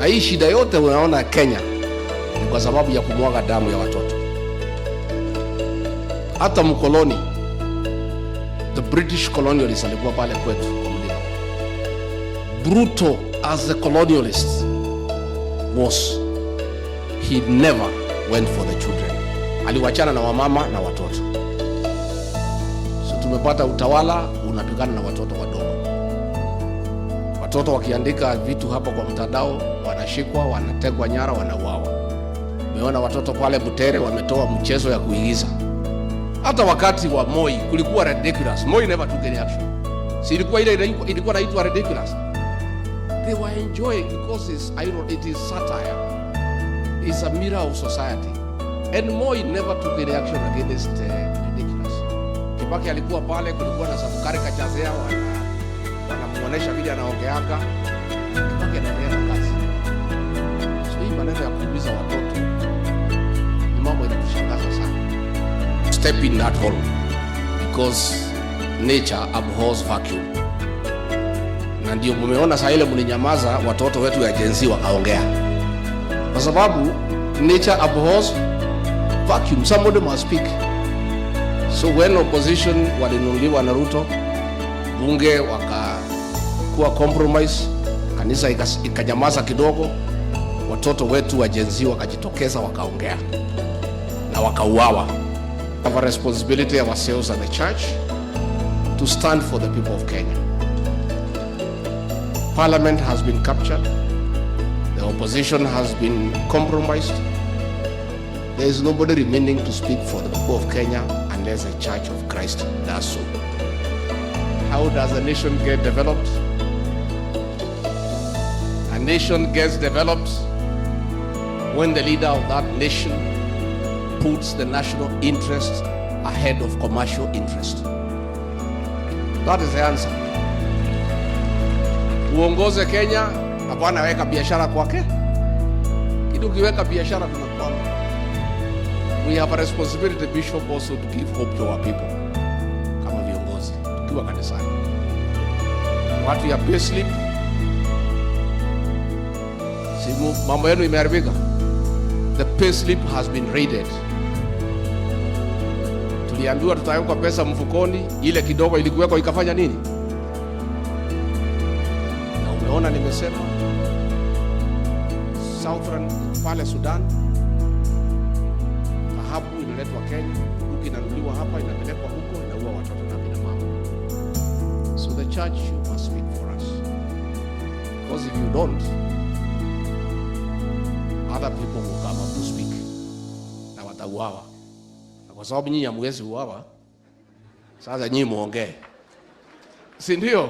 Na hii shida yote unaona Kenya ni kwa sababu ya kumwaga damu ya watoto. Hata mkoloni the British colonialist alikuwa pale kwetu kwa mlima. Bruto as a colonialist was he never went for the children. Aliwachana na wamama na watoto. So tumepata utawala unapigana na watoto wadogo. Watoto wakiandika vitu hapo kwa mtandao, wanashikwa, wanategwa nyara, wanauawa. Umeona watoto pale Butere wametoa mchezo ya kuigiza. Hata wakati wa Moi kulikuwa ridiculous. Moi never took any action. Si ilikuwa ile ilikuwa inaitwa ridiculous. They were enjoying because it's I know, it is satire. It's a mirror of society. And Moi never took any action against uh, eh, ridiculous. Kibaki alikuwa pale, kulikuwa na sabukari kachazea wana anamuonesha vile anaongeaga akiendelea na kazi. So maneno ya kuuliza watoto ni mambo inatushangaza sana. Step in that hole because nature abhors vacuum. Na ndio mumeona saa ile mlinyamaza watoto wetu ya jenzi wakaongea, kwa sababu nature abhors vacuum. Somebody must speak. So when opposition walinunuliwa na Ruto bunge wakaa hakukuwa compromise, kanisa ikanyamaza kidogo, watoto wetu wa wakajitokeza wakaongea na wakauawa. Have a responsibility ourselves and the church to stand for the people of Kenya. Parliament has been captured. The opposition has been compromised. There is nobody remaining to speak for the people of Kenya unless the Church of Christ does so. How does a nation get developed? nation gets developed when the leader of that nation puts the national interest ahead of commercial interest. That is the answer. Uongoze Kenya na weka biashara kwake. Kitu kiweka biashara tunakwama. We have a responsibility, Bishop, also to give hope to our people. Kama viongozi tukiwa kanisani, watu ya payslip simu mambo yenu imeharibika, the payslip has been raided. Tuliambiwa tutawekwa pesa mfukoni, ile kidogo ilikuwekwa ikafanya nini? Na umeona nimesema Southern pale Sudan, dhahabu inaletwa Kenya, duka inanunuliwa hapa, inapelekwa huko, inaua watoto na kina mama. So the church you must speak for us because if you don't Other people will come up to speak. Na watauawa. Na kwa sababu nyinyi hamwezi uawa, sasa nyinyi muongee. Si ndio?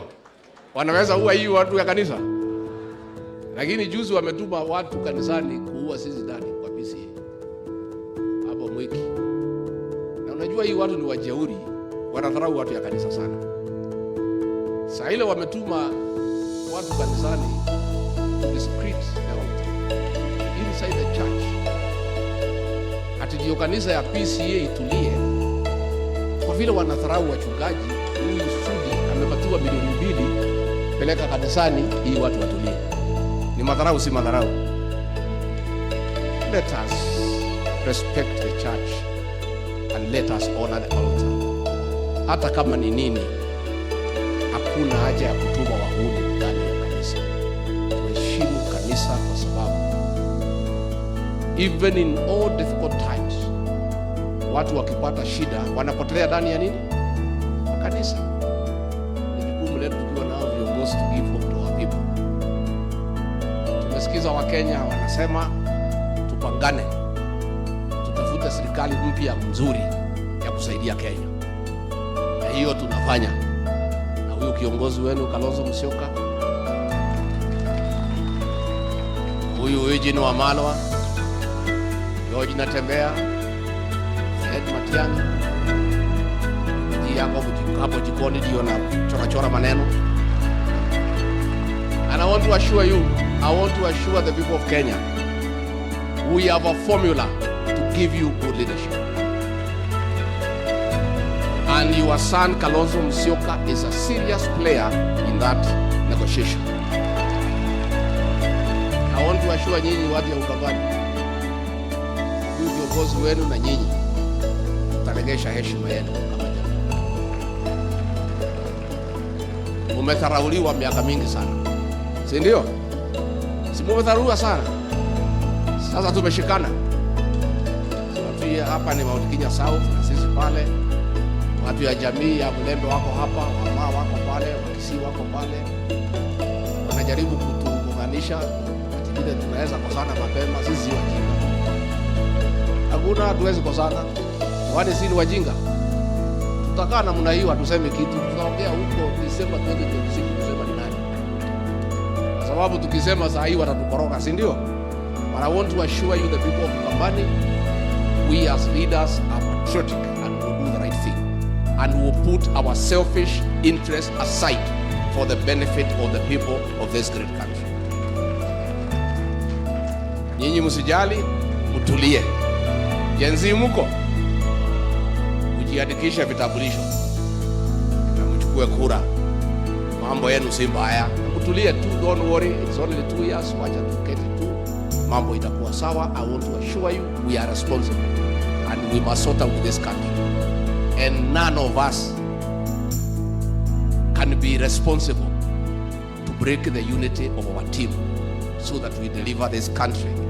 Wanaweza uwa hii watu ya kanisa. Lakini juzi wametuma watu kanisani kuua sisi ndani kwa pisi Hapo mwiki. Na unajua hii watu ni wajeuri, wanatharau watu ya kanisa sana. Saa ile wametuma watu kanisani discreet inside the church. Ati ndio kanisa ya PCA itulie kwa vile wanadharau wachungaji. Huyu Sudi amepatiwa milioni mbili, peleka kanisani ili watu watulie. Ni madharau, si madharau? Let us respect the church and let us honor the altar. Hata kama ni nini, hakuna haja ya kutubu. even in all difficult times. Watu wakipata shida wanapotelea ndani ya nini? Kanisa. Ni jukumu letu tukiwa nao viongozi tukiwa vipo. Tumesikiza Wakenya wanasema tupangane, tutafute serikali mpya nzuri ya kusaidia Kenya, na hiyo tunafanya na huyu kiongozi wenu Kalonzo Musyoka, huyu Eugene Wamalwa George Natembea, Said Matiang'i, ji yako hapo jikoni jio na chora chora maneno. And I want to assure you, I want to assure the people of Kenya, we have a formula to give you good leadership. And your son Kalonzo Musyoka is a serious player in that negotiation. I want to assure nyinyi watu ya Ukambani mkuu viongozi wenu, na nyinyi mtaregesha heshima yenu kama jamii. Mumetharauliwa miaka mingi sana, si ndio? Si mumetharauliwa sana? Sasa tumeshikana hapa ni Mount Kenya South na sisi pale, watu ya jamii ya Mlembe wako hapa, wamaa wako pale, wakisii wako pale, wanajaribu kutuunganisha. Ingine tunaweza kukutana mapema sisi wajinga Hakuna, hatuwezi kosana. Wale si wajinga, tutakaa namna hiyo, hatuseme kitu, tutaongea huko nisema tuende tusiku ni nani, kwa sababu tukisema saa hii watatukoroka si ndio? But I want to assure you the people of kambani we as leaders are patriotic and will do the right thing and will put our selfish interest aside for the benefit of the people of this great country. Nyinyi msijali utulie. Jenzi muko kujiandikisha vitambulisho na mchukue kura. Mambo yenu si mbaya, mtulie tu, don't worry, it's only two years, wacha tuketi tu, mambo itakuwa sawa. I want to assure you we are responsible and we must sort out this country and none of us can be responsible to break the unity of our team so that we deliver this country